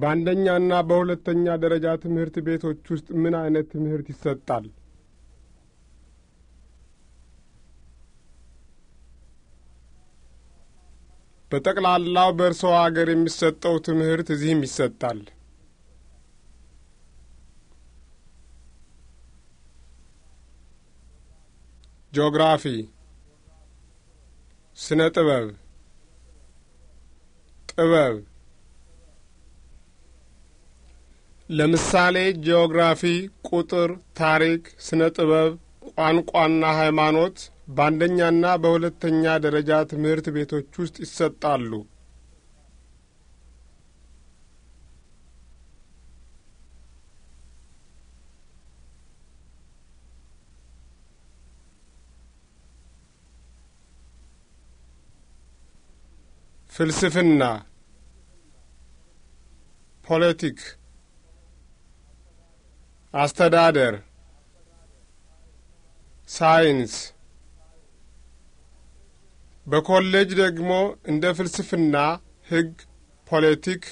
በአንደኛና በሁለተኛ ደረጃ ትምህርት ቤቶች ውስጥ ምን አይነት ትምህርት ይሰጣል? በጠቅላላው በእርስዎ አገር የሚሰጠው ትምህርት እዚህም ይሰጣል። ጂኦግራፊ፣ ስነ ጥበብ፣ ጥበብ ለምሳሌ ጂኦግራፊ፣ ቁጥር፣ ታሪክ፣ ስነ ጥበብ፣ ቋንቋና ሃይማኖት በአንደኛና በሁለተኛ ደረጃ ትምህርት ቤቶች ውስጥ ይሰጣሉ። ፍልስፍና ፖለቲክ አስተዳደር፣ ሳይንስ። በኮሌጅ ደግሞ እንደ ፍልስፍና፣ ሕግ፣ ፖለቲክ፣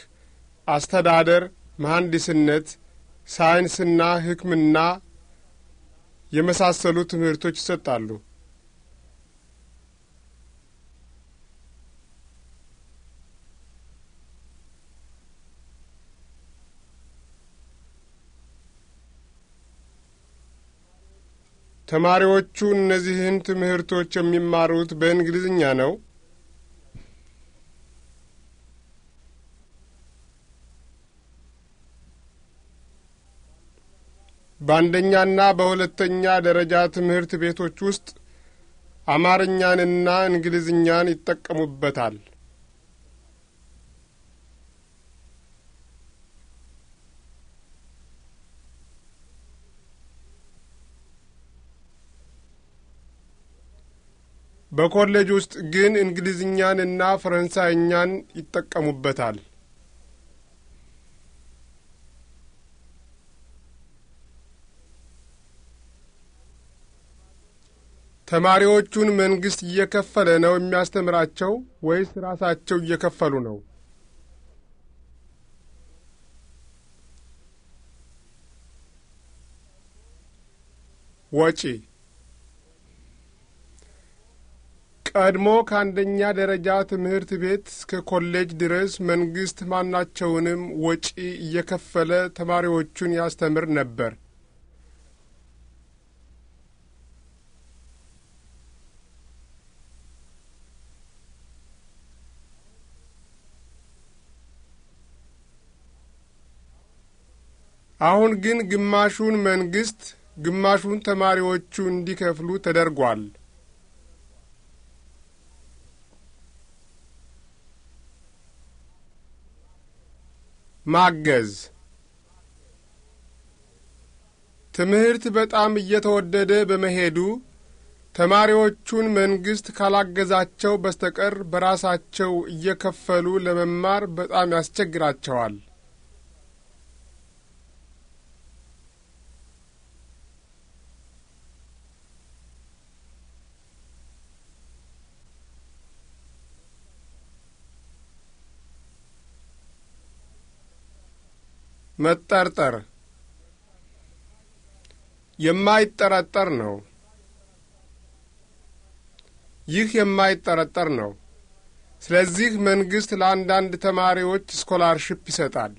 አስተዳደር፣ መሐንዲስነት፣ ሳይንስና ሕክምና የመሳሰሉ ትምህርቶች ይሰጣሉ። ተማሪዎቹ እነዚህን ትምህርቶች የሚማሩት በእንግሊዝኛ ነው? በአንደኛና በሁለተኛ ደረጃ ትምህርት ቤቶች ውስጥ አማርኛንና እንግሊዝኛን ይጠቀሙበታል። በኮሌጅ ውስጥ ግን እንግሊዝኛን እና ፈረንሳይኛን ይጠቀሙበታል። ተማሪዎቹን መንግስት እየከፈለ ነው የሚያስተምራቸው ወይስ ራሳቸው እየከፈሉ ነው? ወጪ ቀድሞ ከአንደኛ ደረጃ ትምህርት ቤት እስከ ኮሌጅ ድረስ መንግስት ማናቸውንም ወጪ እየከፈለ ተማሪዎቹን ያስተምር ነበር። አሁን ግን ግማሹን መንግስት ግማሹን ተማሪዎቹ እንዲከፍሉ ተደርጓል። ማገዝ ትምህርት በጣም እየተወደደ በመሄዱ ተማሪዎቹን መንግሥት ካላገዛቸው በስተቀር በራሳቸው እየከፈሉ ለመማር በጣም ያስቸግራቸዋል። መጠርጠር የማይጠረጠር ነው። ይህ የማይጠረጠር ነው። ስለዚህ መንግስት ለአንዳንድ ተማሪዎች ስኮላርሽፕ ይሰጣል።